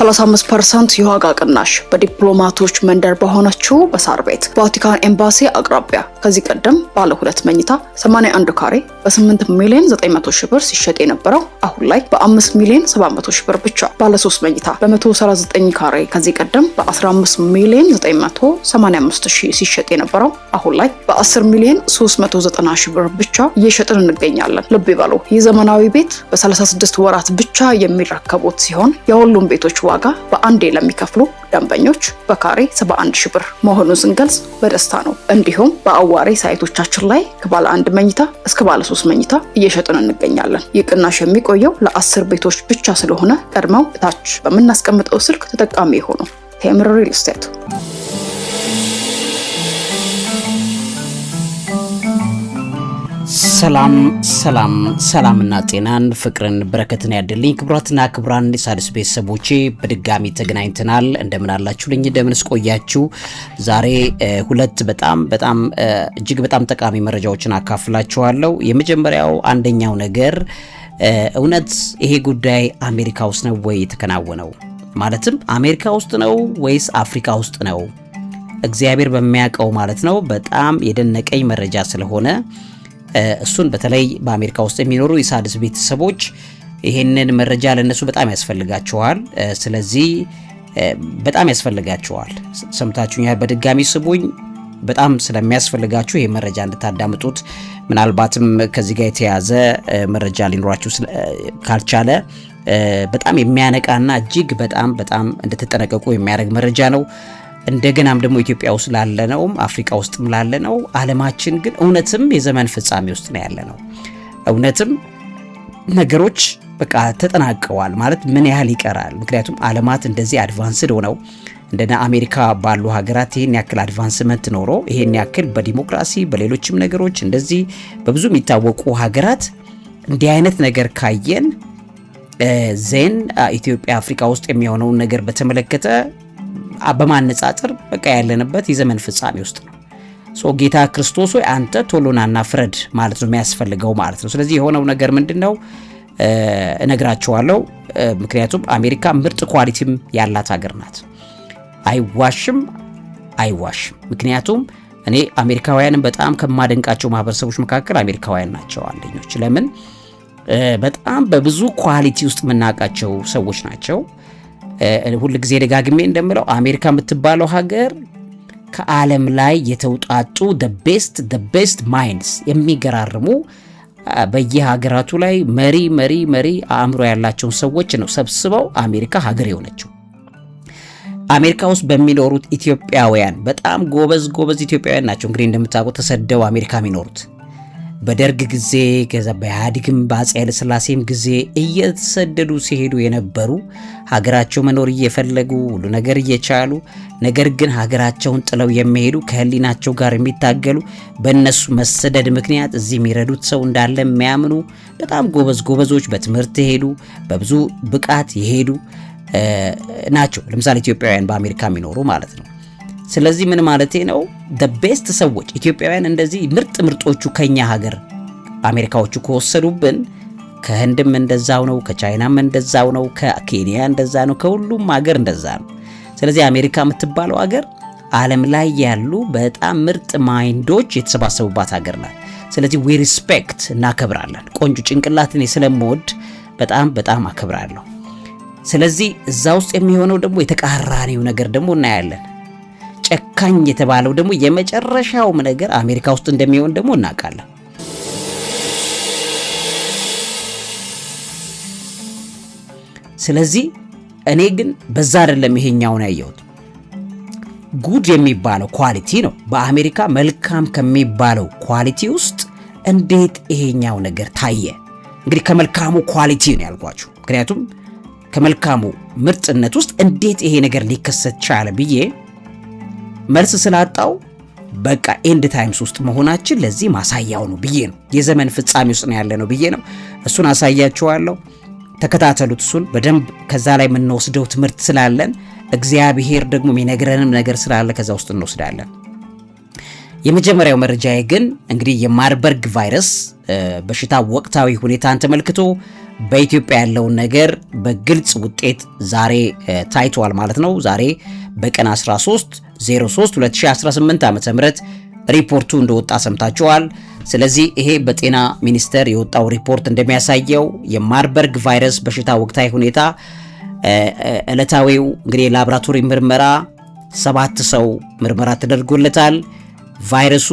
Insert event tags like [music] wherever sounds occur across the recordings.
35 ፐርሰንት የዋጋ ቅናሽ በዲፕሎማቶች መንደር በሆነችው በሳር ቤት ቫቲካን ኤምባሲ አቅራቢያ ከዚህ ቀደም ባለ ሁለት መኝታ 81 ካሬ በ8 ሚሊዮን 900 ሺህ ብር ሲሸጥ የነበረው አሁን ላይ በ5 ሚሊዮን 700 ሺህ ብር ብቻ። ባለ 3 መኝታ በ139 ካሬ ከዚህ ቀደም በ15 ሚሊዮን 985 ሺህ ሲሸጥ የነበረው አሁን ላይ በ10 ሚሊዮን 390 ሺህ ብር ብቻ እየሸጥን እንገኛለን። ልብ ይበሉ፣ ይህ ዘመናዊ ቤት በ36 ወራት ብቻ የሚረከቡት ሲሆን የሁሉም ቤቶች ዋጋ በአንዴ ለሚከፍሉ ደንበኞች በካሬ 71 ሺ ብር መሆኑን ስንገልጽ በደስታ ነው። እንዲሁም በአዋሬ ሳይቶቻችን ላይ ከባለ አንድ መኝታ እስከ ባለ ሶስት መኝታ እየሸጥን እንገኛለን። ይህ ቅናሽ የሚቆየው ለአስር ቤቶች ብቻ ስለሆነ ቀድመው እታች በምናስቀምጠው ስልክ ተጠቃሚ የሆኑ ቴምር ሪል ስቴት ሰላም ሰላም ሰላምና ጤናን ፍቅርን በረከትን ያድልኝ። ክብራትና ክብራን የሣድስ ቤተሰቦቼ በድጋሚ ተገናኝተናል። እንደምን አላችሁ ልኝ እንደምንስ ቆያችሁ? ዛሬ ሁለት በጣም በጣም እጅግ በጣም ጠቃሚ መረጃዎችን አካፍላችኋለሁ። የመጀመሪያው አንደኛው ነገር እውነት ይሄ ጉዳይ አሜሪካ ውስጥ ነው ወይ የተከናወነው? ማለትም አሜሪካ ውስጥ ነው ወይስ አፍሪካ ውስጥ ነው? እግዚአብሔር በሚያውቀው ማለት ነው። በጣም የደነቀኝ መረጃ ስለሆነ እሱን በተለይ በአሜሪካ ውስጥ የሚኖሩ የሳድስ ቤተሰቦች ይህንን መረጃ ለነሱ በጣም ያስፈልጋቸዋል። ስለዚህ በጣም ያስፈልጋቸዋል። ሰምታችሁኛል። በድጋሚ ስቡኝ። በጣም ስለሚያስፈልጋችሁ ይህ መረጃ እንድታዳምጡት ምናልባትም ከዚህ ጋር የተያዘ መረጃ ሊኖራችሁ ካልቻለ በጣም የሚያነቃና እጅግ በጣም በጣም እንድትጠነቀቁ የሚያደርግ መረጃ ነው። እንደገናም ደግሞ ኢትዮጵያ ውስጥ ላለነውም አፍሪካ ውስጥም ላለነው ዓለማችን ግን እውነትም የዘመን ፍጻሜ ውስጥ ነው ያለነው። እውነትም ነገሮች በቃ ተጠናቀዋል ማለት ምን ያህል ይቀራል? ምክንያቱም ዓለማት እንደዚህ አድቫንስድ ሆነው እንደነ አሜሪካ ባሉ ሀገራት ይሄን ያክል አድቫንስመንት ኖሮ ይሄን ያክል በዲሞክራሲ በሌሎችም ነገሮች እንደዚህ በብዙ የሚታወቁ ሀገራት እንዲህ አይነት ነገር ካየን ዜን ኢትዮጵያ አፍሪካ ውስጥ የሚሆነውን ነገር በተመለከተ በማነጻጸር በቃ ያለንበት የዘመን ፍጻሜ ውስጥ ነው። ጌታ ክርስቶስ ሆይ አንተ ቶሎናና ፍረድ ማለት ነው የሚያስፈልገው ማለት ነው። ስለዚህ የሆነው ነገር ምንድን ነው እነግራቸዋለሁ። ምክንያቱም አሜሪካ ምርጥ ኳሊቲም ያላት ሀገር ናት። አይዋሽም አይዋሽም። ምክንያቱም እኔ አሜሪካውያንን በጣም ከማደንቃቸው ማህበረሰቦች መካከል አሜሪካውያን ናቸው አንደኞች። ለምን በጣም በብዙ ኳሊቲ ውስጥ የምናውቃቸው ሰዎች ናቸው። ጊዜ ደጋግሜ እንደምለው አሜሪካ የምትባለው ሀገር ከዓለም ላይ የተውጣጡ ቤስት ቤስት ማይንድስ የሚገራርሙ በየሀገራቱ ላይ መሪ መሪ መሪ አእምሮ ያላቸውን ሰዎች ነው ሰብስበው አሜሪካ ሀገር የሆነችው። አሜሪካ ውስጥ በሚኖሩት ኢትዮጵያውያን በጣም ጎበዝ ጎበዝ ኢትዮጵያውያን ናቸው። እንግዲህ እንደምታውቁ ተሰደው አሜሪካ የሚኖሩት በደርግ ጊዜ ከዛ በኢህአዴግም በአፄ ኃይለ ጊዜ እየተሰደዱ ሲሄዱ የነበሩ ሀገራቸው መኖር እየፈለጉ ሁሉ ነገር እየቻሉ ነገር ግን ሀገራቸውን ጥለው የሚሄዱ ከህሊናቸው ጋር የሚታገሉ በእነሱ መሰደድ ምክንያት እዚህ የሚረዱት ሰው እንዳለ የሚያምኑ በጣም ጎበዝ ጎበዞች በትምህርት የሄዱ በብዙ ብቃት የሄዱ ናቸው። ለምሳሌ ኢትዮጵያውያን በአሜሪካ የሚኖሩ ማለት ነው። ስለዚህ ምን ማለቴ ነው? ቤስት ሰዎች ኢትዮጵያውያን እንደዚህ ምርጥ ምርጦቹ ከኛ ሀገር አሜሪካዎቹ ከወሰዱብን ከህንድም እንደዛው ነው፣ ከቻይናም እንደዛው ነው፣ ከኬንያ እንደዛ ነው፣ ከሁሉም ሀገር እንደዛ ነው። ስለዚህ አሜሪካ የምትባለው ሀገር ዓለም ላይ ያሉ በጣም ምርጥ ማይንዶች የተሰባሰቡባት ሀገር ናት። ስለዚህ ዊ ሪስፔክት እናከብራለን። ቆንጆ ጭንቅላት እኔ ስለምወድ በጣም በጣም አከብራለሁ። ስለዚህ እዛ ውስጥ የሚሆነው ደግሞ የተቃራኒው ነገር ደግሞ እናያለን። ጨካኝ የተባለው ደግሞ የመጨረሻውም ነገር አሜሪካ ውስጥ እንደሚሆን ደግሞ እናውቃለን። ስለዚህ እኔ ግን በዛ አይደለም ይሄኛውን ያየሁት። ጉድ የሚባለው ኳሊቲ ነው። በአሜሪካ መልካም ከሚባለው ኳሊቲ ውስጥ እንዴት ይሄኛው ነገር ታየ? እንግዲህ ከመልካሙ ኳሊቲ ነው ያልኳችሁ። ምክንያቱም ከመልካሙ ምርጥነት ውስጥ እንዴት ይሄ ነገር ሊከሰት ቻለ ብዬ መልስ ስላጣው በቃ ኤንድ ታይምስ ውስጥ መሆናችን ለዚህ ማሳያው ነው ብዬ ነው። የዘመን ፍጻሜ ውስጥ ነው ያለ ነው ብዬ ነው። እሱን አሳያችኋለሁ። ተከታተሉት። እሱን በደንብ ከዛ ላይ የምንወስደው ትምህርት ስላለን እግዚአብሔር ደግሞ የሚነግረንም ነገር ስላለ ከዛ ውስጥ እንወስዳለን። የመጀመሪያው መረጃዬ ግን እንግዲህ የማርበርግ ቫይረስ በሽታ ወቅታዊ ሁኔታን ተመልክቶ በኢትዮጵያ ያለውን ነገር በግልጽ ውጤት ዛሬ ታይቷል ማለት ነው። ዛሬ በቀን 13 03 2018 ዓ.ም ሪፖርቱ እንደወጣ ሰምታችኋል። ስለዚህ ይሄ በጤና ሚኒስቴር የወጣው ሪፖርት እንደሚያሳየው የማርበርግ ቫይረስ በሽታ ወቅታዊ ሁኔታ እለታዊው እንግዲህ የላብራቶሪ ምርመራ ሰባት ሰው ምርመራ ተደርጎለታል። ቫይረሱ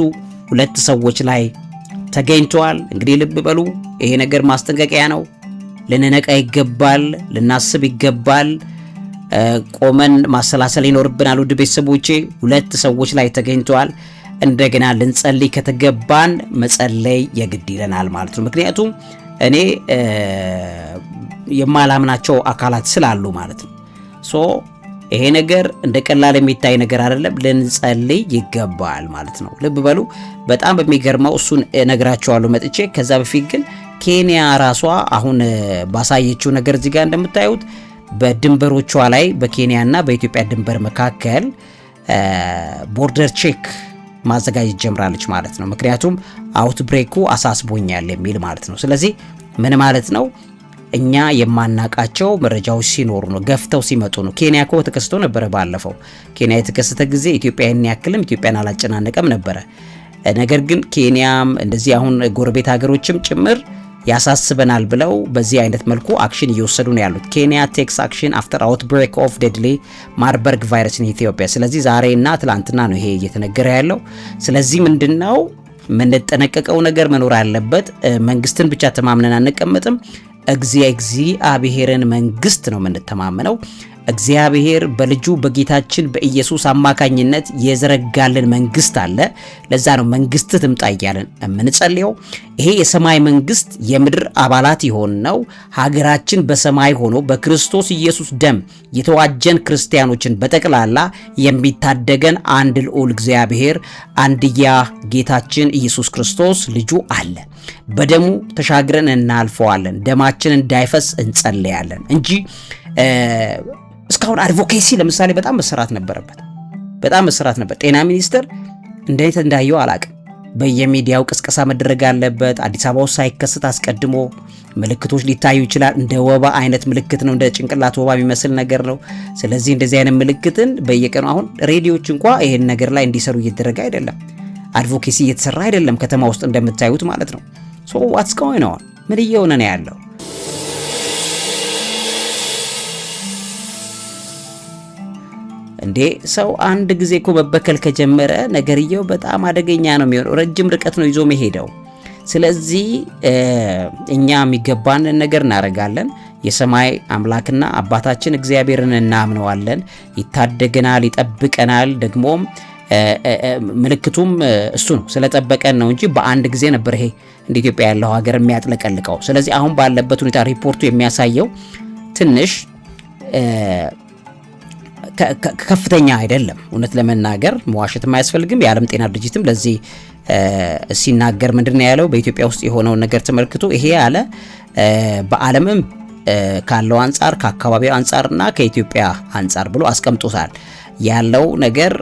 ሁለት ሰዎች ላይ ተገኝተዋል። እንግዲህ ልብ በሉ፣ ይሄ ነገር ማስጠንቀቂያ ነው። ልንነቃ ይገባል፣ ልናስብ ይገባል። ቆመን ማሰላሰል ይኖርብናል። ውድ ቤተሰቦቼ ሁለት ሰዎች ላይ ተገኝተዋል። እንደገና ልንጸልይ ከተገባን መጸለይ የግድ ይለናል ማለት ነው። ምክንያቱም እኔ የማላምናቸው አካላት ስላሉ ማለት ነው። ሶ ይሄ ነገር እንደ ቀላል የሚታይ ነገር አይደለም። ልንጸልይ ይገባል ማለት ነው። ልብ በሉ። በጣም በሚገርመው እሱን እነግራቸዋለሁ መጥቼ። ከዛ በፊት ግን ኬንያ ራሷ አሁን ባሳየችው ነገር እዚህ ጋር እንደምታዩት በድንበሮቿ ላይ በኬንያና በኢትዮጵያ ድንበር መካከል ቦርደር ቼክ ማዘጋጀት ጀምራለች ማለት ነው። ምክንያቱም አውትብሬኩ አሳስቦኛል የሚል ማለት ነው። ስለዚህ ምን ማለት ነው? እኛ የማናቃቸው መረጃዎች ሲኖሩ ነው፣ ገፍተው ሲመጡ ነው። ኬንያ እኮ ተከስቶ ነበረ ባለፈው። ኬንያ የተከሰተ ጊዜ ኢትዮጵያን ያክልም ኢትዮጵያን አላጨናነቀም ነበረ። ነገር ግን ኬንያም እንደዚህ አሁን ጎረቤት ሀገሮችም ጭምር ያሳስበናል ብለው በዚህ አይነት መልኩ አክሽን እየወሰዱ ነው ያሉት። ኬንያ ቴክስ አክሽን አፍተር አውት ብሬክ ኦፍ ዴድሊ ማርበርግ ቫይረስ ኢን ኢትዮጵያ። ስለዚህ ዛሬና ትላንትና ነው ይሄ እየተነገረ ያለው። ስለዚህ ምንድን ነው የምንጠነቀቀው ነገር መኖር አለበት። መንግስትን ብቻ ተማምነን አንቀመጥም። እግዚአብሔርን መንግስት ነው የምንተማመነው። እግዚአብሔር በልጁ በጌታችን በኢየሱስ አማካኝነት የዘረጋልን መንግስት አለ። ለዛ ነው መንግስት ትምጣ እያለን የምንጸልየው። ይሄ የሰማይ መንግስት የምድር አባላት ነው ሀገራችን በሰማይ ሆኖ በክርስቶስ ኢየሱስ ደም የተዋጀን ክርስቲያኖችን በጠቅላላ የሚታደገን አንድ ልዑል እግዚአብሔር አንድያ ጌታችን ኢየሱስ ክርስቶስ ልጁ አለ። በደሙ ተሻግረን እናልፈዋለን። ደማችን እንዳይፈስ እንጸልያለን እንጂ እስካሁን አድቮኬሲ ለምሳሌ በጣም መሰራት ነበረበት፣ በጣም መሰራት ነበር። ጤና ሚኒስቴር እንዴት እንዳየው አላቅም። በየሚዲያው ቅስቀሳ መደረግ አለበት። አዲስ አበባ ውስጥ ሳይከሰት አስቀድሞ ምልክቶች ሊታዩ ይችላል። እንደ ወባ አይነት ምልክት ነው፣ እንደ ጭንቅላት ወባ የሚመስል ነገር ነው። ስለዚህ እንደዚህ አይነት ምልክትን በየቀኑ አሁን ሬዲዮች እንኳ ይሄን ነገር ላይ እንዲሰሩ እየተደረገ አይደለም፣ አድቮኬሲ እየተሰራ አይደለም። ከተማ ውስጥ እንደምታዩት ማለት ነው። ሶ ዋትስ ጎይንግ ኦን ምን እየሆነ ነው ያለው? እንዴ ሰው አንድ ጊዜ እኮ መበከል ከጀመረ ነገርየው በጣም አደገኛ ነው የሚሆነው። ረጅም ርቀት ነው ይዞ መሄደው። ስለዚህ እኛ የሚገባንን ነገር እናደርጋለን። የሰማይ አምላክና አባታችን እግዚአብሔርን እናምነዋለን። ይታደገናል፣ ይጠብቀናል። ደግሞም ምልክቱም እሱ ነው። ስለጠበቀን ነው እንጂ በአንድ ጊዜ ነበር ይሄ እንደ ኢትዮጵያ ያለው ሀገር የሚያጥለቀልቀው። ስለዚህ አሁን ባለበት ሁኔታ ሪፖርቱ የሚያሳየው ትንሽ ከፍተኛ አይደለም። እውነት ለመናገር መዋሸትም አያስፈልግም። የዓለም ጤና ድርጅትም ለዚህ ሲናገር ምንድን ያለው በኢትዮጵያ ውስጥ የሆነውን ነገር ተመልክቶ ይሄ ያለ በዓለምም ካለው አንጻር ከአካባቢው አንጻርና ከኢትዮጵያ አንጻር ብሎ አስቀምጦታል። ያለው ነገር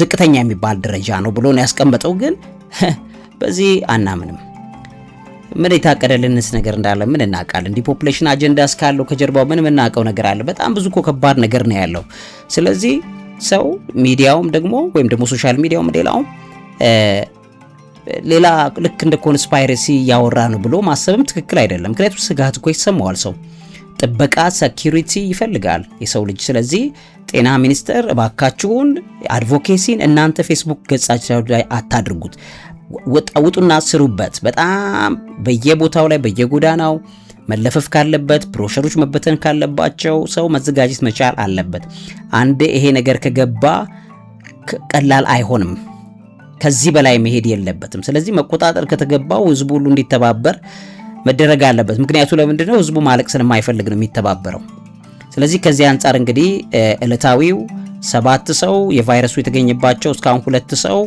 ዝቅተኛ የሚባል ደረጃ ነው ብሎ ነው ያስቀመጠው። ግን [laughs] በዚህ አናምንም። ምን የታቀደልንስ ነገር እንዳለ ምን እናውቃለን? ፖፕሌሽን አጀንዳ እስካለው ከጀርባው ምን የምናውቀው ነገር አለ? በጣም ብዙ እኮ ከባድ ነገር ነው ያለው። ስለዚህ ሰው ሚዲያውም ደግሞ ወይም ደግሞ ሶሻል ሚዲያውም ሌላውም ሌላ ልክ እንደ ኮንስፓይረሲ እያወራ ነው ብሎ ማሰብም ትክክል አይደለም። ምክንያቱም ስጋት እኮ ይሰማዋል ሰው ጥበቃ ሰኪሪቲ ይፈልጋል የሰው ልጅ። ስለዚህ ጤና ሚኒስቴር እባካችሁን አድቮኬሲን እናንተ ፌስቡክ ገጻችሁ ላይ አታድርጉት። ውጡና ስሩበት። በጣም በየቦታው ላይ በየጎዳናው መለፈፍ ካለበት ብሮሸሮች መበተን ካለባቸው ሰው መዘጋጀት መቻል አለበት። አንድ ይሄ ነገር ከገባ ቀላል አይሆንም። ከዚህ በላይ መሄድ የለበትም። ስለዚህ መቆጣጠር ከተገባው ህዝቡ ሁሉ እንዲተባበር መደረግ አለበት። ምክንያቱ ለምንድነው ህዝቡ ማለቅ ስለማይፈልግ ነው የሚተባበረው። ስለዚህ ከዚህ አንጻር እንግዲህ እለታዊው ሰባት ሰው የቫይረሱ የተገኘባቸው እስካሁን ሁለት ሰው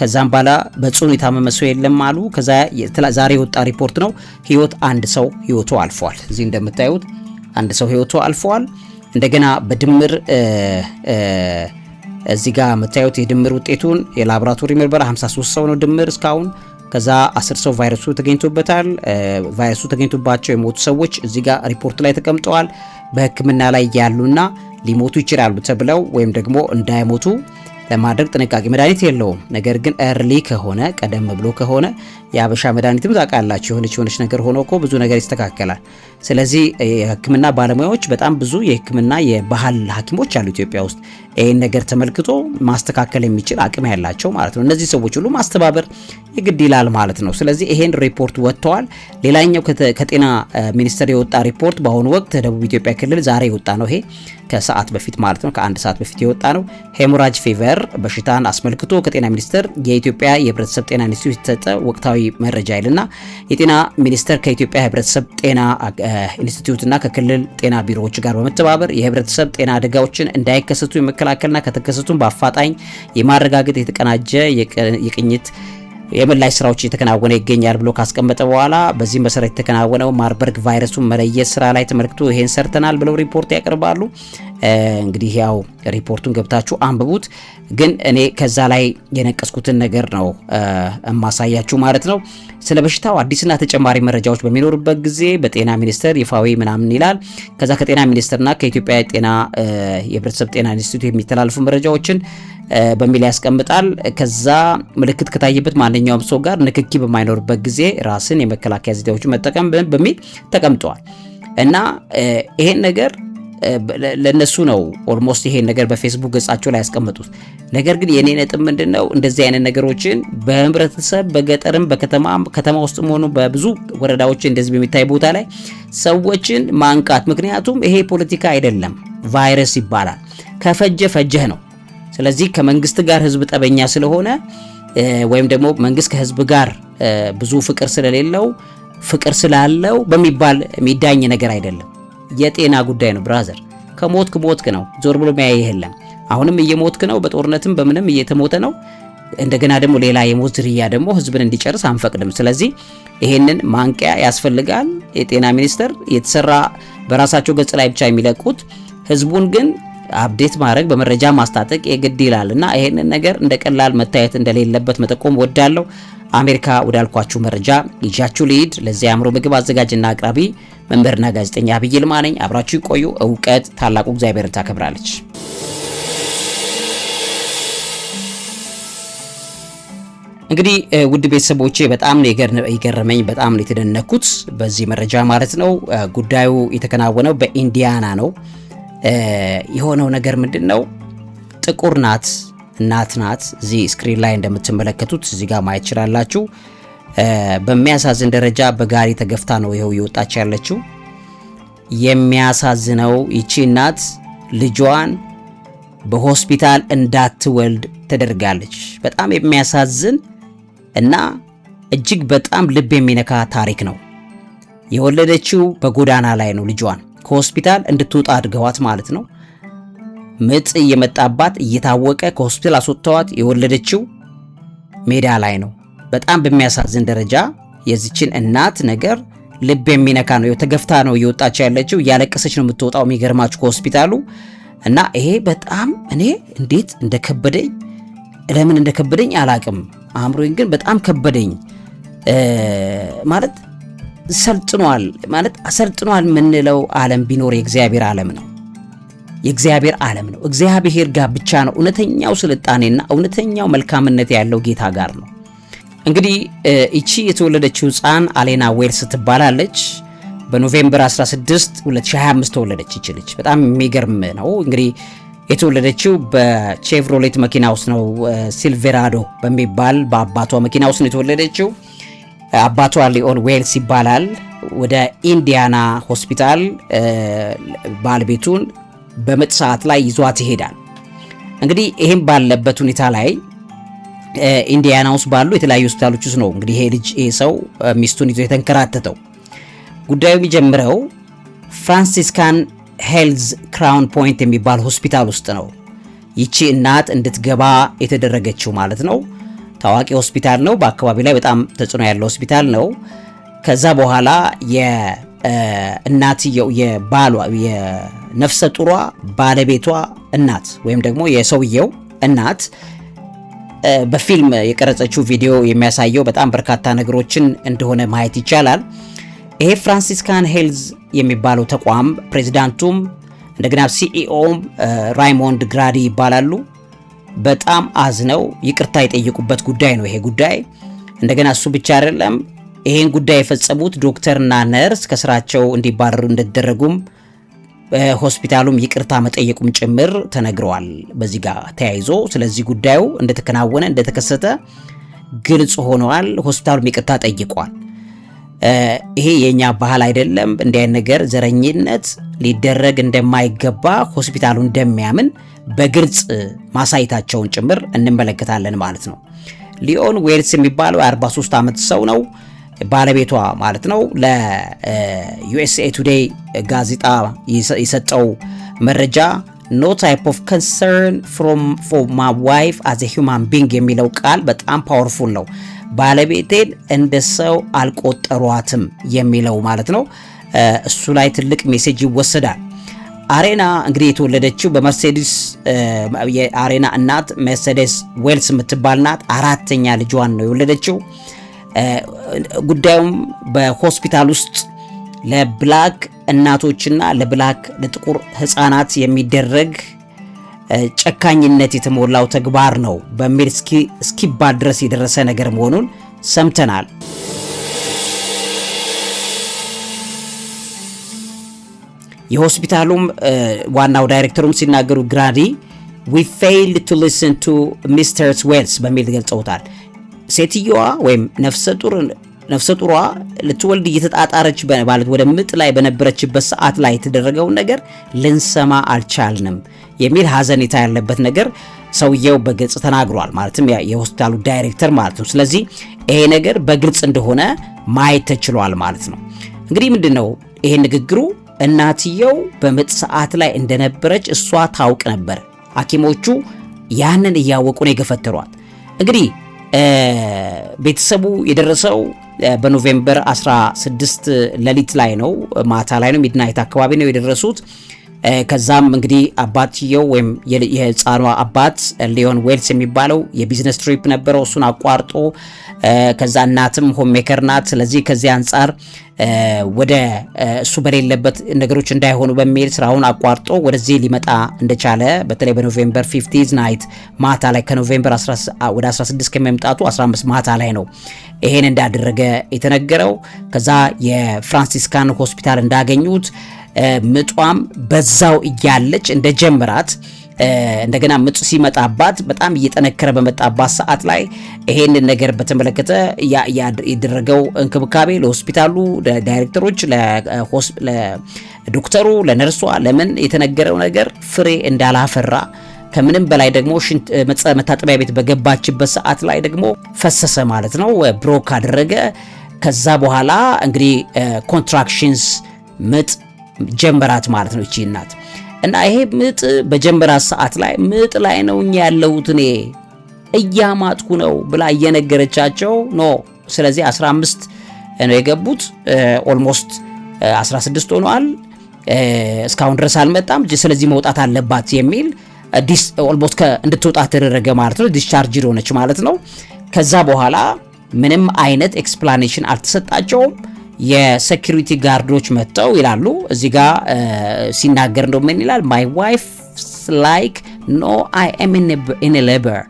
ከዛም በኋላ በጽኑ የታመመ ሰው የለም አሉ። ከዛ ዛሬ የወጣ ሪፖርት ነው ህይወት አንድ ሰው ህይወቱ አልፏል። እዚህ እንደምታዩት አንድ ሰው ህይወቱ አልፏል። እንደገና በድምር እዚህ ጋር የምታዩት የድምር ውጤቱን የላቦራቶሪ ምርመራ 53 ሰው ነው ድምር እስካሁን። ከዛ 10 ሰው ቫይረሱ ተገኝቶበታል። ቫይረሱ ተገኝቶባቸው የሞቱ ሰዎች እዚህ ጋር ሪፖርት ላይ ተቀምጠዋል። በህክምና ላይ ያሉና ሊሞቱ ይችላሉ ተብለው ወይም ደግሞ እንዳይሞቱ ለማድረግ ጥንቃቄ መድኃኒት የለውም። ነገር ግን ኤርሊ ከሆነ ቀደም ብሎ ከሆነ የአበሻ መድኃኒትም ታውቃላችሁ የሆነች የሆነች ነገር ሆኖ እኮ ብዙ ነገር ይስተካከላል። ስለዚህ የህክምና ባለሙያዎች በጣም ብዙ የህክምና የባህል ሐኪሞች አሉ ኢትዮጵያ ውስጥ ይህን ነገር ተመልክቶ ማስተካከል የሚችል አቅም ያላቸው ማለት ነው። እነዚህ ሰዎች ሁሉ ማስተባበር የግድ ይላል ማለት ነው። ስለዚህ ይሄን ሪፖርት ወጥተዋል። ሌላኛው ከጤና ሚኒስቴር የወጣ ሪፖርት በአሁኑ ወቅት ደቡብ ኢትዮጵያ ክልል ዛሬ የወጣ ነው። ይሄ ከሰዓት በፊት ማለት ነው፣ ከአንድ ሰዓት በፊት የወጣ ነው። ሄሞራጅ ፌቨር በሽታን አስመልክቶ ከጤና ሚኒስቴር የኢትዮጵያ የህብረተሰብ ጤና ኢንስቲትዩት የተሰጠ ወቅታዊ መረጃ ይልና የጤና ሚኒስቴር ከኢትዮጵያ ህብረተሰብ ጤና ኢንስቲትዩትና ከክልል ጤና ቢሮዎች ጋር በመተባበር የህብረተሰብ ጤና አደጋዎችን እንዳይከሰቱ የመከላከልና ከተከሰቱም በአፋጣኝ የማረጋገጥ የተቀናጀ የቅኝት የምላሽ ስራዎች እየተከናወነ ይገኛል ብሎ ካስቀመጠ በኋላ በዚህ መሰረት የተከናወነው ማርበርግ ቫይረሱን መለየት ስራ ላይ ተመልክቶ ይሄን ሰርተናል ብለው ሪፖርት ያቀርባሉ። እንግዲህ ያው ሪፖርቱን ገብታችሁ አንብቡት። ግን እኔ ከዛ ላይ የነቀስኩትን ነገር ነው እማሳያችሁ ማለት ነው። ስለ በሽታው አዲስና ተጨማሪ መረጃዎች በሚኖርበት ጊዜ በጤና ሚኒስቴር ይፋዊ ምናምን ይላል። ከዛ ከጤና ሚኒስቴርና ከኢትዮጵያ ጤና የህብረተሰብ ጤና ኢንስቲትዩት የሚተላለፉ መረጃዎችን በሚል ያስቀምጣል። ከዛ ምልክት ከታየበት ማንኛውም ሰው ጋር ንክኪ በማይኖርበት ጊዜ ራስን የመከላከያ ዘዴዎችን መጠቀም በሚል ተቀምጠዋል እና ይሄን ነገር ለነሱ ነው ኦልሞስት ይሄን ነገር በፌስቡክ ገጻቸው ላይ ያስቀመጡት። ነገር ግን የኔ ነጥብ ምንድን ነው እንደዚህ አይነት ነገሮችን በህብረተሰብ በገጠርም በከተማ ከተማ ውስጥም ሆኑ በብዙ ወረዳዎች እንደዚህ በሚታይ ቦታ ላይ ሰዎችን ማንቃት። ምክንያቱም ይሄ ፖለቲካ አይደለም፣ ቫይረስ ይባላል። ከፈጀ ፈጀህ ነው። ስለዚህ ከመንግስት ጋር ህዝብ ጠበኛ ስለሆነ ወይም ደግሞ መንግስት ከህዝብ ጋር ብዙ ፍቅር ስለሌለው ፍቅር ስላለው በሚባል የሚዳኝ ነገር አይደለም። የጤና ጉዳይ ነው ብራዘር። ከሞትክ ሞትክ ነው። ዞር ብሎ ሚያ የለም። አሁንም እየሞትክ ነው። በጦርነትም በምንም እየተሞተ ነው። እንደገና ደግሞ ሌላ የሞት ዝርያ ደግሞ ህዝብን እንዲጨርስ አንፈቅድም። ስለዚህ ይሄንን ማንቂያ ያስፈልጋል። የጤና ሚኒስቴር የተሰራ በራሳቸው ገጽ ላይ ብቻ የሚለቁት ህዝቡን ግን አብዴት ማድረግ በመረጃ ማስታጠቅ የግድ ይላል እና ይሄንን ነገር እንደ ቀላል መታየት እንደሌለበት መጠቆም ወዳለው አሜሪካ ወዳልኳችሁ መረጃ ይዣችሁ ልሂድ። ለዚህ አእምሮ ምግብ አዘጋጅና አቅራቢ መምህርና ጋዜጠኛ አብይ ይልማ ነኝ። አብራችሁ ቆዩ። እውቀት ታላቁ እግዚአብሔርን ታከብራለች። እንግዲህ ውድ ቤተሰቦቼ በጣም ነው የገረመኝ፣ በጣም ነው የተደነኩት በዚህ መረጃ ማለት ነው። ጉዳዩ የተከናወነው በኢንዲያና ነው። የሆነው ነገር ምንድን ነው? ጥቁር ናት እናት ናት። እዚህ ስክሪን ላይ እንደምትመለከቱት እዚህ ጋር ማየት ይችላላችሁ። በሚያሳዝን ደረጃ በጋሪ ተገፍታ ነው ይኸው እየወጣች ያለችው። የሚያሳዝነው ይቺ እናት ልጇን በሆስፒታል እንዳትወልድ ተደርጋለች። በጣም የሚያሳዝን እና እጅግ በጣም ልብ የሚነካ ታሪክ ነው። የወለደችው በጎዳና ላይ ነው። ልጇን ከሆስፒታል እንድትወጣ አድገዋት ማለት ነው። ምጥ እየመጣባት እየታወቀ ከሆስፒታል አስወጥተዋት የወለደችው ሜዳ ላይ ነው። በጣም በሚያሳዝን ደረጃ የዚችን እናት ነገር ልብ የሚነካ ነው። ተገፍታ ነው እየወጣች ያለችው፣ እያለቀሰች ነው የምትወጣው። የሚገርማችሁ ከሆስፒታሉ እና ይሄ በጣም እኔ እንዴት እንደከበደኝ ለምን እንደከበደኝ አላቅም። አእምሮኝ ግን በጣም ከበደኝ ማለት ሰልጥኗል ማለት አሰልጥኗል የምንለው ዓለም ቢኖር የእግዚአብሔር ዓለም ነው። የእግዚአብሔር ዓለም ነው። እግዚአብሔር ጋር ብቻ ነው እውነተኛው ስልጣኔና እውነተኛው መልካምነት ያለው ጌታ ጋር ነው። እንግዲህ እቺ የተወለደችው ህፃን አሌና ዌልስ ትባላለች። በኖቬምበር 16 2025 ተወለደች። ይች ልጅ በጣም የሚገርም ነው። እንግዲህ የተወለደችው በቼቭሮሌት መኪና ውስጥ ነው። ሲልቬራዶ በሚባል በአባቷ መኪና ውስጥ ነው የተወለደችው። አባቷ ሊኦን ዌልስ ይባላል። ወደ ኢንዲያና ሆስፒታል ባለቤቱን በምጥ ሰዓት ላይ ይዟት ይሄዳል። እንግዲህ ይህም ባለበት ሁኔታ ላይ ኢንዲያና ውስጥ ባሉ የተለያዩ ሆስፒታሎች ውስጥ ነው እንግዲህ ይሄ ልጅ ይሄ ሰው ሚስቱን ይዞ የተንከራተተው። ጉዳዩ የሚጀምረው ፍራንሲስካን ሄልዝ ክራውን ፖይንት የሚባል ሆስፒታል ውስጥ ነው ይቺ እናት እንድትገባ የተደረገችው ማለት ነው። ታዋቂ ሆስፒታል ነው። በአካባቢ ላይ በጣም ተጽዕኖ ያለው ሆስፒታል ነው። ከዛ በኋላ እናትየው የባሏ የነፍሰ ጡሯ ባለቤቷ እናት ወይም ደግሞ የሰውየው እናት በፊልም የቀረጸችው ቪዲዮ የሚያሳየው በጣም በርካታ ነገሮችን እንደሆነ ማየት ይቻላል። ይሄ ፍራንሲስካን ሄልዝ የሚባለው ተቋም ፕሬዚዳንቱም እንደገና ሲኢኦም ራይሞንድ ግራዲ ይባላሉ። በጣም አዝነው ይቅርታ የጠየቁበት ጉዳይ ነው ይሄ ጉዳይ። እንደገና እሱ ብቻ አይደለም ይህን ጉዳይ የፈጸሙት ዶክተርና ነርስ ከስራቸው እንዲባረሩ እንደተደረጉም ሆስፒታሉም ይቅርታ መጠየቁም ጭምር ተነግረዋል። በዚህ ጋር ተያይዞ ስለዚህ ጉዳዩ እንደተከናወነ እንደተከሰተ ግልጽ ሆነዋል። ሆስፒታሉም ይቅርታ ጠይቋል። ይሄ የኛ ባህል አይደለም፣ እንዲህ አይነት ነገር ዘረኝነት ሊደረግ እንደማይገባ ሆስፒታሉ እንደሚያምን በግልጽ ማሳየታቸውን ጭምር እንመለከታለን ማለት ነው። ሊዮን ዌልስ የሚባለው የ43 ዓመት ሰው ነው። ባለቤቷ ማለት ነው ለዩኤስኤ ቱዴይ ጋዜጣ የሰጠው መረጃ ኖ ታይፕ ኦፍ ኮንሰርን ፎር ማይ ዋይፍ አዝ ሂውማን ቢንግ የሚለው ቃል በጣም ፓወርፉል ነው። ባለቤቴን እንደ ሰው አልቆጠሯትም የሚለው ማለት ነው። እሱ ላይ ትልቅ ሜሴጅ ይወሰዳል። አሬና እንግዲህ የተወለደችው በመርሴዲስ የአሬና እናት መርሴዴስ ዌልስ የምትባል ናት። አራተኛ ልጇን ነው የወለደችው። ጉዳዩም በሆስፒታል ውስጥ ለብላክ እናቶችና ለብላክ ለጥቁር ህፃናት የሚደረግ ጨካኝነት የተሞላው ተግባር ነው በሚል እስኪባል ድረስ የደረሰ ነገር መሆኑን ሰምተናል። የሆስፒታሉም ዋናው ዳይሬክተሩም ሲናገሩ ግራዲ ዊ ፌይልድ ቱ ሊስን ቱ ሚስተርስ ዌልስ በሚል ገልጸውታል። ሴትየዋ ወይም ነፍሰ ጡሯ ልትወልድ እየተጣጣረች ማለት ወደ ምጥ ላይ በነበረችበት ሰዓት ላይ የተደረገውን ነገር ልንሰማ አልቻልንም የሚል ሀዘኔታ ያለበት ነገር ሰውየው በግልጽ ተናግሯል። ማለትም የሆስፒታሉ ዳይሬክተር ማለት ነው። ስለዚህ ይሄ ነገር በግልጽ እንደሆነ ማየት ተችሏል ማለት ነው። እንግዲህ ምንድን ነው ይሄ ንግግሩ? እናትየው በምጥ ሰዓት ላይ እንደነበረች እሷ ታውቅ ነበር። ሐኪሞቹ ያንን እያወቁ ነው የገፈተሯት። እንግዲህ ቤተሰቡ የደረሰው በኖቬምበር 16 ሌሊት ላይ ነው፣ ማታ ላይ ነው፣ ሚድናይት አካባቢ ነው የደረሱት። ከዛም እንግዲህ አባትየው ወይም የህፃኗ አባት ሊዮን ዌልስ የሚባለው የቢዝነስ ትሪፕ ነበረው። እሱን አቋርጦ ከዛ እናትም ሆሜከር ናት። ስለዚህ ከዚህ አንጻር ወደ እሱ በሌለበት ነገሮች እንዳይሆኑ በሚል ስራውን አቋርጦ ወደዚህ ሊመጣ እንደቻለ በተለይ በኖቬምበር 15 ናይት ማታ ላይ ከኖቬምበር ወደ 16 ከመምጣቱ 15 ማታ ላይ ነው ይሄን እንዳደረገ የተነገረው። ከዛ የፍራንሲስካን ሆስፒታል እንዳገኙት ምጧም በዛው እያለች እንደጀምራት። እንደገና ምጡ ሲመጣባት በጣም እየጠነከረ በመጣባት ሰዓት ላይ ይሄንን ነገር በተመለከተ ያደረገው እንክብካቤ ለሆስፒታሉ ዳይሬክተሮች፣ ለዶክተሩ፣ ለነርሷ ለምን የተነገረው ነገር ፍሬ እንዳላፈራ ከምንም በላይ ደግሞ መታጠቢያ ቤት በገባችበት ሰዓት ላይ ደግሞ ፈሰሰ ማለት ነው። ብሮክ አደረገ። ከዛ በኋላ እንግዲህ ኮንትራክሽንስ ምጥ ጀመራት ማለት ነው እቺ እናት። እና ይሄ ምጥ በጀመራ ሰዓት ላይ ምጥ ላይ ነው እኛ ያለሁት እኔ እያማጥኩ ነው ብላ እየነገረቻቸው ኖ ስለዚህ 15 ነው የገቡት። ኦልሞስት 16 ሆኗል። እስካሁን ድረስ አልመጣም። ስለዚህ መውጣት አለባት የሚል ዲስ ኦልሞስት እንድትወጣ ተደረገ ማለት ነው። ዲስቻርጅ ሆነች ማለት ነው። ከዛ በኋላ ምንም አይነት ኤክስፕላኔሽን አልተሰጣቸውም። የሴኩሪቲ ጋርዶች መጥተው ይላሉ እዚህ ጋ ሲናገር እንደው ምን ይላል? ማይ ዋይፍ ላይክ ኖ አይ ኤም ኢን ሌበር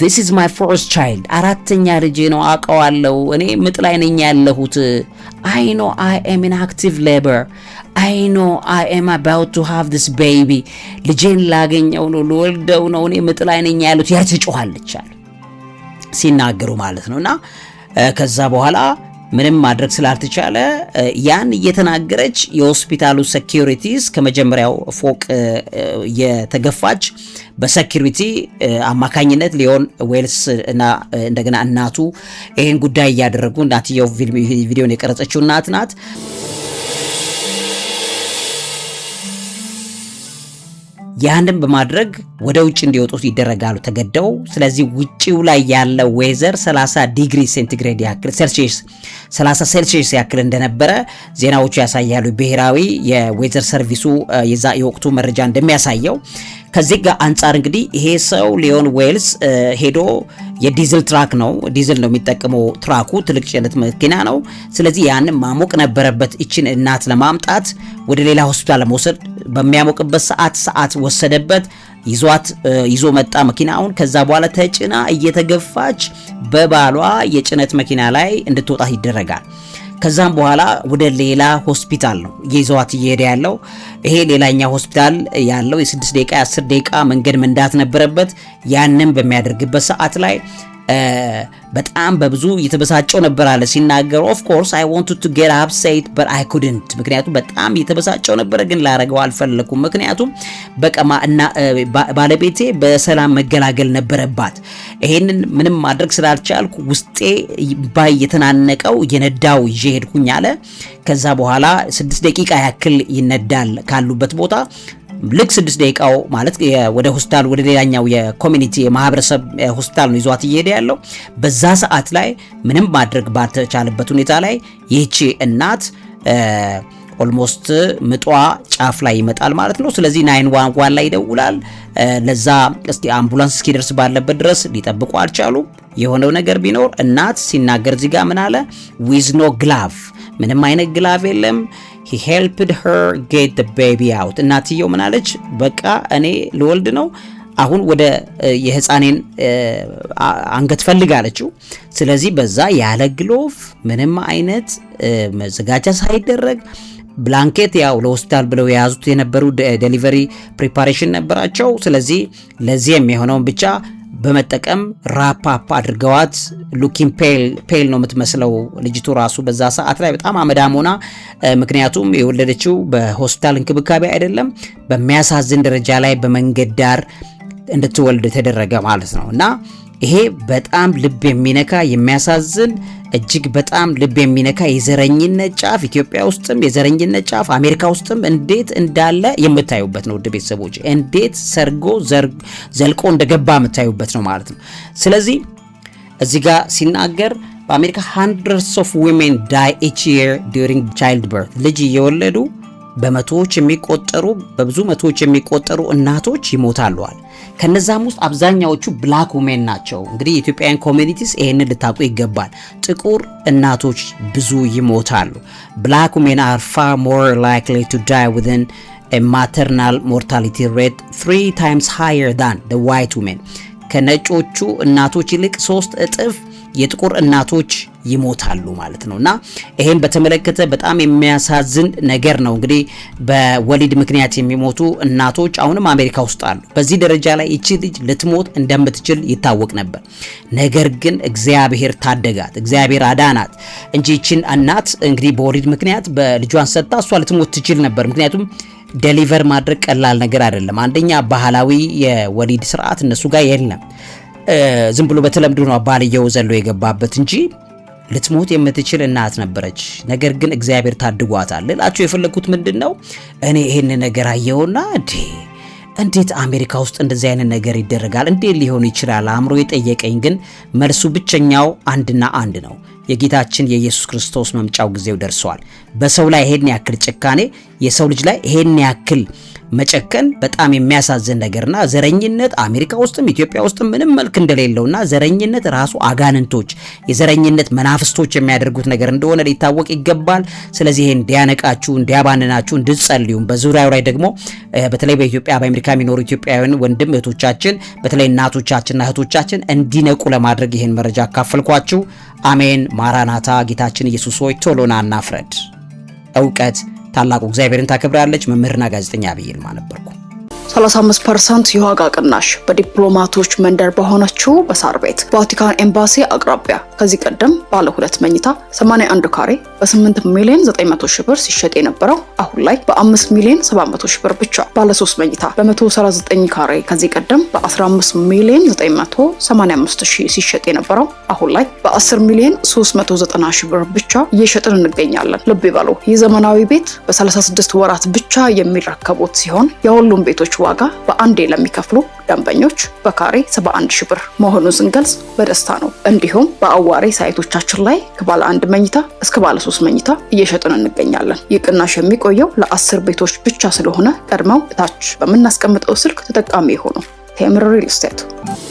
ዚስ ኢዝ ማይ ፈርስት ቻይልድ አራተኛ ልጄ ነው አውቀዋለሁ። እኔ ምጥ ላይ ነኝ ያለሁት። አይ ኖ አይ ኤም ኢን አክቲቭ ሌበር አይ ኖ አይ ኤም አባውት ቱ ሃቭ ዲስ ቤቢ ልጄን ላገኘው ነው ልወልደው ነው እኔ ምጥ ላይ ነኝ ያሉት ያልትጮኋለች አሉ ሲናገሩ ማለት ነው እና ከዛ በኋላ ምንም ማድረግ ስላልተቻለ ያን እየተናገረች የሆስፒታሉ ሴኪሪቲስ ከመጀመሪያው ፎቅ የተገፋች በሴኪሪቲ አማካኝነት ሊዮን ዌልስ እና እንደገና እናቱ ይህን ጉዳይ እያደረጉ እናትየው ቪዲዮን የቀረጸችው እናት ናት። ያንን በማድረግ ወደ ውጭ እንዲወጡ ይደረጋሉ ተገደው። ስለዚህ ውጪው ላይ ያለው ዌዘር 30 ዲግሪ ሴንቲግሬድ ያክል ሴልሺየስ 30 ሴልሺየስ ያክል እንደነበረ ዜናዎቹ ያሳያሉ። ብሔራዊ የዌዘር ሰርቪሱ የዛ የወቅቱ መረጃ እንደሚያሳየው ከዚህ ጋር አንጻር እንግዲህ ይሄ ሰው ሊዮን ዌልስ ሄዶ የዲዝል ትራክ ነው፣ ዲዝል ነው የሚጠቀመው ትራኩ፣ ትልቅ ጭነት መኪና ነው። ስለዚህ ያንን ማሞቅ ነበረበት፣ እችን እናት ለማምጣት ወደ ሌላ ሆስፒታል ለመውሰድ በሚያሞቅበት ሰዓት ሰዓት ወሰደበት። ይዟት ይዞ መጣ መኪናውን። ከዛ በኋላ ተጭና እየተገፋች በባሏ የጭነት መኪና ላይ እንድትወጣት ይደረጋል። ከዛም በኋላ ወደ ሌላ ሆስፒታል ነው የይዘዋት እየሄደ ያለው። ይሄ ሌላኛ ሆስፒታል ያለው የስድስት ደቂቃ የአስር ደቂቃ መንገድ መንዳት ነበረበት። ያንን በሚያደርግበት ሰዓት ላይ በጣም በብዙ እየተበሳጨው ነበር አለ ሲናገር። ኦፍ ኮርስ አይ ዋንት ቱ ጌት አፕ ሴት በት አይ ኩድንት። ምክንያቱም በጣም እየተበሳጨው ነበረ፣ ግን ላረገው አልፈለኩም። ምክንያቱም በቀማ እና ባለቤቴ በሰላም መገላገል ነበረባት። ይሄንን ምንም ማድረግ ስላልቻልኩ ውስጤ ባይ የተናነቀው የነዳው ይዤ ሄድኩኝ አለ። ከዛ በኋላ ስድስት ደቂቃ ያክል ይነዳል ካሉበት ቦታ ልክ ስድስት ደቂቃው ማለት ወደ ሆስፒታል ወደ ሌላኛው የኮሚኒቲ የማህበረሰብ ሆስፒታል ነው ይዟት እየሄደ ያለው። በዛ ሰዓት ላይ ምንም ማድረግ ባልተቻለበት ሁኔታ ላይ ይህቺ እናት ኦልሞስት ምጧ ጫፍ ላይ ይመጣል ማለት ነው። ስለዚህ ናይን ዋን ዋን ላይ ይደውላል። ለዛ እስቲ አምቡላንስ እስኪደርስ ባለበት ድረስ ሊጠብቁ አልቻሉም። የሆነው ነገር ቢኖር እናት ሲናገር እዚህ ጋር ምን አለ? ዊዝ ኖ ግላቭ ምንም አይነት ግላቭ የለም ሂ ሄልፕድ ሄር ጌት ደ ቤቢ አውት። እናትየው ምናለች? በቃ እኔ ልወልድ ነው አሁን ወደ የህፃኔን አንገት ፈልግ አለችው። ስለዚህ በዛ ያለ ግሎቭ ምንም አይነት መዘጋጃ ሳይደረግ ብላንኬት ያው ለሆስፒታል ብለው የያዙት የነበሩ ዴሊቨሪ ፕሪፓሬሽን ነበራቸው። ስለዚህ ለዚህ የሚሆነውን ብቻ በመጠቀም ራፓፕ አድርገዋት ሉኪን ፔል ነው የምትመስለው ልጅቱ ራሱ በዛ ሰዓት ላይ በጣም አመዳም ሆና፣ ምክንያቱም የወለደችው በሆስፒታል እንክብካቤ አይደለም፣ በሚያሳዝን ደረጃ ላይ በመንገድ ዳር እንድትወልድ ተደረገ ማለት ነው እና ይሄ በጣም ልብ የሚነካ የሚያሳዝን እጅግ በጣም ልብ የሚነካ የዘረኝነት ጫፍ ኢትዮጵያ ውስጥም የዘረኝነት ጫፍ አሜሪካ ውስጥም እንዴት እንዳለ የምታዩበት ነው። ውድ ቤተሰቦች እንዴት ሰርጎ ዘልቆ እንደገባ የምታዩበት ነው ማለት ነው። ስለዚህ እዚህ ጋር ሲናገር በአሜሪካ ሃንድረድስ ኦፍ ዊሜን ዳይ ኤች የር ዲሪንግ ቻይልድ በርት ልጅ እየወለዱ በመቶዎች የሚቆጠሩ በብዙ መቶዎች የሚቆጠሩ እናቶች ይሞታሉ። ከነዛም ውስጥ አብዛኛዎቹ ብላክ ውሜን ናቸው። እንግዲህ የኢትዮጵያን ኮሚኒቲስ ይህንን ልታውቁ ይገባል። ጥቁር እናቶች ብዙ ይሞታሉ። ብላክ ውሜን አር ፋ ሞር ላይክሊ ቱ ዳይ ዊዝን ማተርናል ሞርታሊቲ ሬት ትሪ ታይምስ ሃየር ዳን ዋይት ውሜን ከነጮቹ እናቶች ይልቅ ሶስት እጥፍ የጥቁር እናቶች ይሞታሉ ማለት ነው እና ይሄን በተመለከተ በጣም የሚያሳዝን ነገር ነው። እንግዲህ በወሊድ ምክንያት የሚሞቱ እናቶች አሁንም አሜሪካ ውስጥ አሉ። በዚህ ደረጃ ላይ ይቺ ልጅ ልትሞት እንደምትችል ይታወቅ ነበር። ነገር ግን እግዚአብሔር ታደጋት፣ እግዚአብሔር አዳናት እንጂ ይቺን እናት እንግዲህ በወሊድ ምክንያት በልጇን ሰጥታ እሷ ልትሞት ትችል ነበር ምክንያቱም ዴሊቨር ማድረግ ቀላል ነገር አይደለም። አንደኛ ባህላዊ የወሊድ ስርዓት እነሱ ጋር የለም። ዝም ብሎ በተለምዶ ነው ባልየው ዘሎ የገባበት እንጂ ልትሞት የምትችል እናት ነበረች። ነገር ግን እግዚአብሔር ታድጓታል። ልላችሁ የፈለግኩት ምንድን ነው፣ እኔ ይህን ነገር አየውና እንዴ እንዴት አሜሪካ ውስጥ እንደዚህ አይነት ነገር ይደረጋል? እንዴት ሊሆን ይችላል? አእምሮ የጠየቀኝ ግን መልሱ ብቸኛው አንድና አንድ ነው። የጌታችን የኢየሱስ ክርስቶስ መምጫው ጊዜው ደርሷል። በሰው ላይ ይሄን ያክል ጭካኔ፣ የሰው ልጅ ላይ ይሄን ያክል መጨከን በጣም የሚያሳዝን ነገርና ዘረኝነት አሜሪካ ውስጥም ኢትዮጵያ ውስጥም ምንም መልክ እንደሌለውና ዘረኝነት ራሱ አጋንንቶች የዘረኝነት መናፍስቶች የሚያደርጉት ነገር እንደሆነ ሊታወቅ ይገባል። ስለዚህ ይሄን እንዲያነቃችሁ፣ እንዲያባንናችሁ እንድትጸልዩም በዙሪያው ላይ ደግሞ በተለይ በኢትዮጵያ በአሜሪካ የሚኖሩ ኢትዮጵያውያን ወንድም እህቶቻችን በተለይ እናቶቻችንና እህቶቻችን እንዲነቁ ለማድረግ ይህን መረጃ አካፈልኳችሁ። አሜን። ማራናታ ጌታችን ኢየሱስ ሆይ ቶሎና እናፍረድ። እውቀት ታላቁ እግዚአብሔርን ታከብራለች። መምህርና ጋዜጠኛ አብይ ይልማ ነበርኩ። 35 ፐርሰንት የዋጋ ቅናሽ በዲፕሎማቶች መንደር በሆነችው በሳር ቤት ቫቲካን ኤምባሲ አቅራቢያ ከዚህ ቀደም ባለ ሁለት መኝታ 81 ካሬ በ8 ሚሊዮን 900 ሺህ ብር ሲሸጥ የነበረው አሁን ላይ በ5 ሚሊዮን 700 ሺህ ብር ብቻ። ባለ 3 መኝታ በ139 ካሬ ከዚህ ቀደም በ15 ሚሊዮን 985 ሺህ ሲሸጥ የነበረው አሁን ላይ በ10 ሚሊዮን 390 ሺህ ብር ብቻ እየሸጥን እንገኛለን። ልብ ይበሉ፣ ይህ ዘመናዊ ቤት በ36 ወራት ብቻ የሚረከቡት ሲሆን የሁሉም ቤቶች ዋጋ በአንዴ ለሚከፍሉ ደንበኞች በካሬ 71 ሺህ ብር መሆኑን ስንገልጽ በደስታ ነው። እንዲሁም በአ በአዋሬ ሳይቶቻችን ላይ ከባለ አንድ መኝታ እስከ ባለ ሶስት መኝታ እየሸጥን እንገኛለን። ይህ ቅናሽ የሚቆየው ለአስር ቤቶች ብቻ ስለሆነ ቀድመው እታች በምናስቀምጠው ስልክ ተጠቃሚ የሆኑ ቴምር ሪል ስቴት